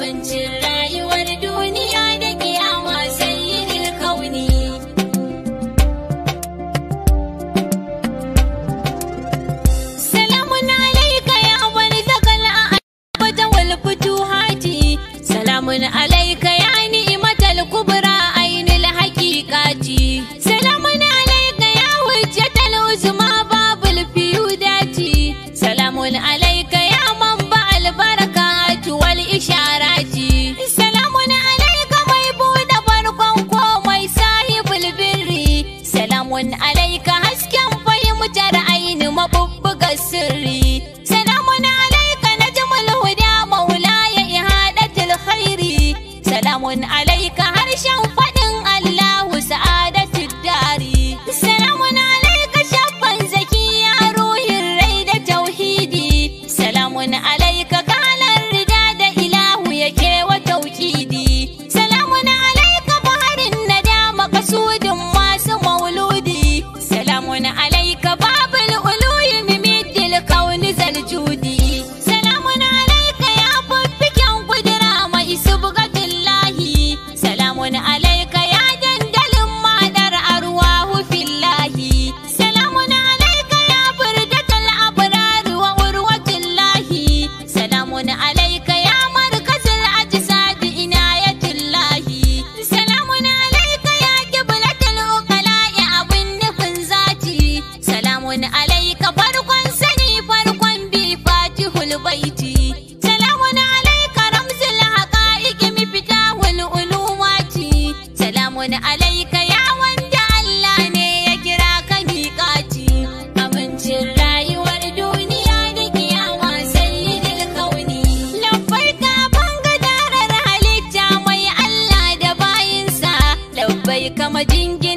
bancin And I mun alaika ya wanda Allah ne ya kira ka miƙaci amincin rayuwar duniya da kiyama sayyidil kauni labbaika banga darar halitta mai Allah da bayinsa ka majingi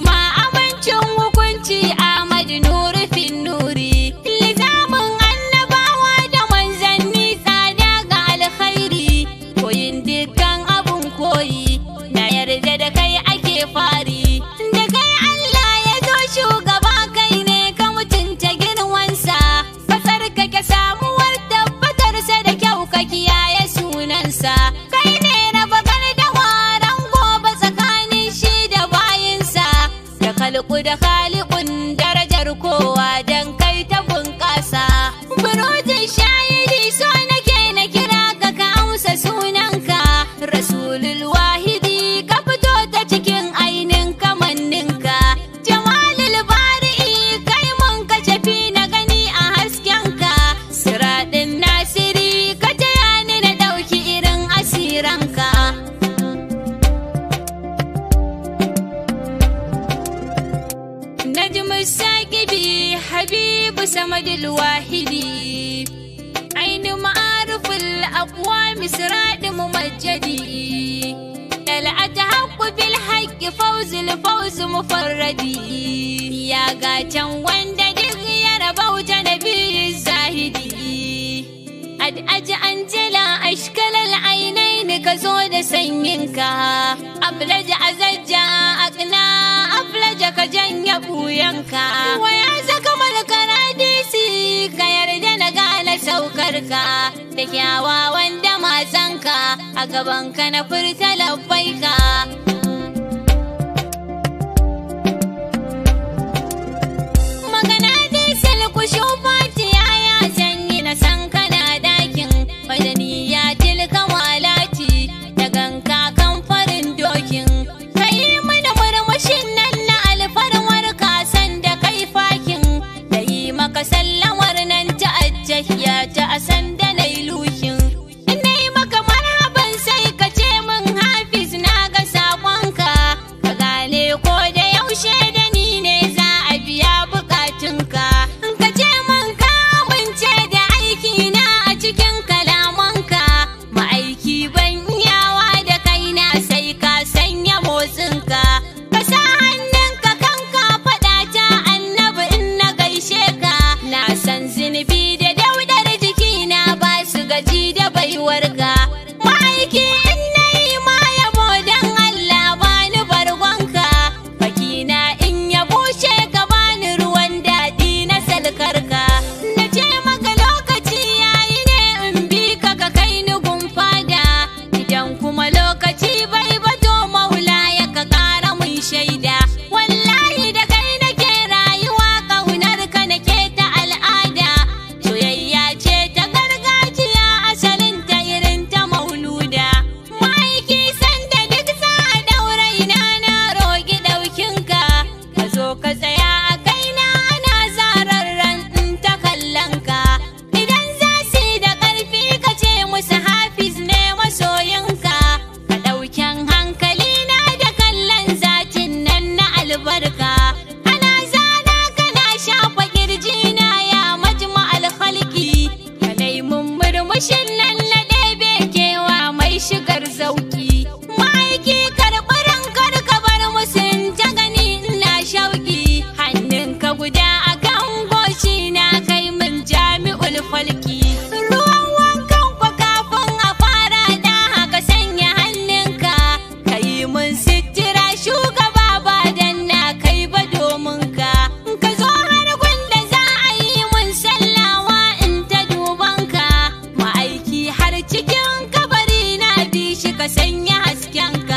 demais. الساقبي حبيب سمد الواهدي عين معارف الأقوام سراد ممجدي دلعت حق بالحق فوز الفوز مفردي يا قاتن وند يا ربوت نبي الزاهدي قد أج أنجلا أشكال العينين كزود سنينك أبرج shiryanka waya saka malka radisi ka yarda na gane saukarka da kyawawan damasanka a ka na furta ka. ka sallawar nan ta ajjah ya ta a sanda na que han